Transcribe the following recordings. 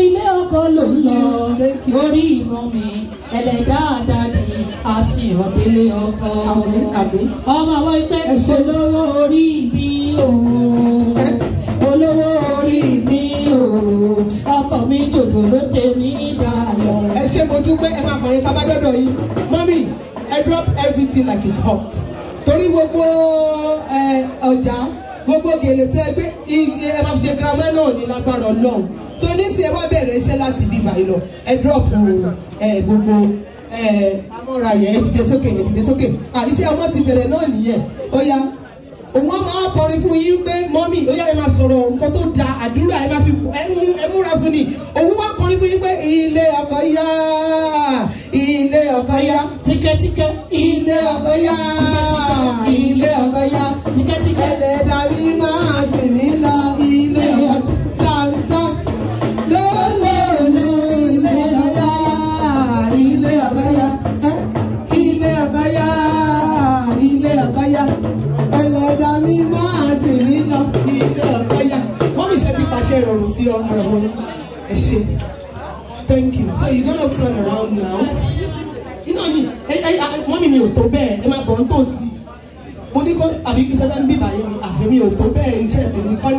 ilé ọkọ ló ń lọ orí ìmọ̀ mi ẹlẹ́dá àdáàdì àsìn ọ̀dẹ́lé ọkọ ọmọ àwọn ẹgbẹ́ olówó orí mi o olówó orí mi ọkọ mi jòjò ló tẹ mí dà ẹ ṣe mo dúpẹ́ ẹ máa kọrin tábàdọ́dọ̀ yìí mọ́mí ẹ drop everything like it's hot torí gbogbo ọjà. Eh, gbogbo gèlè tẹ́ gbé ẹ máa fi ṣe girama náà ní lágbára ọlọ́run tó ní tí ẹ wá bẹ̀rẹ̀ iṣẹ́ láti bí báyìí lọ ẹ drop gbogbo amọ́ra yẹn ẹ dìde sókè ẹ dìde sókè àìṣe ọmọ ti bẹ̀rẹ̀ náà nìyẹn ó yá òun ọmọ ọkọrin fún yín pé mọ́mì ó yá ẹ máa sọ̀rọ̀ nǹkan tó da àdúrà ẹ máa fi ẹ múra fún ni òun wá fún yín pé ilé ọkọ yá ilé ọkọ yá tíkẹ́tíkẹ́ ilé ọkọ yá. see all out of thank you so you're gonna turn around now you know what I mean? mọ́mí mi ò tó bẹ́ẹ̀ ẹ máa bọ̀ ń tòsí mo ní kó àbí iṣẹ́ fẹ́ ń bíbà yẹn mi àhẹ́mi ò tó bẹ́ẹ̀ iṣẹ́ tèmi kọ́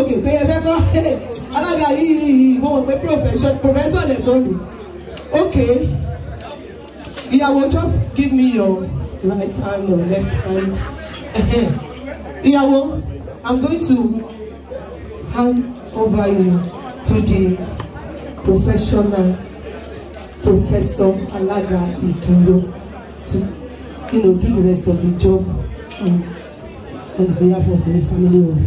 Okay. ok pé ẹ fẹ́ kọ́ alága yìí mo professor lè gbọ́ mi ok just give me your right hand or left hand ìyàwó I'm going to hand over you to the professional Professor Alaga Iduro to you know do the rest of the job um, on behalf of the family of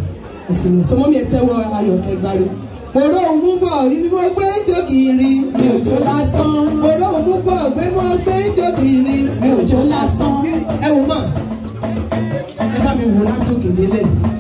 Asinu. So mọ́mí ẹ tẹ́wọ́ Ayọ̀kẹ́ Gbárí. Wòró òun bọ̀ ìbímọ gbé jòkìrì mi ò jó lásán. Wòró òun bọ̀ gbémọ gbé jòkìrì mi ò jó lásán. Ẹ wò mọ̀, ẹ bá mi wò látòkè délẹ̀.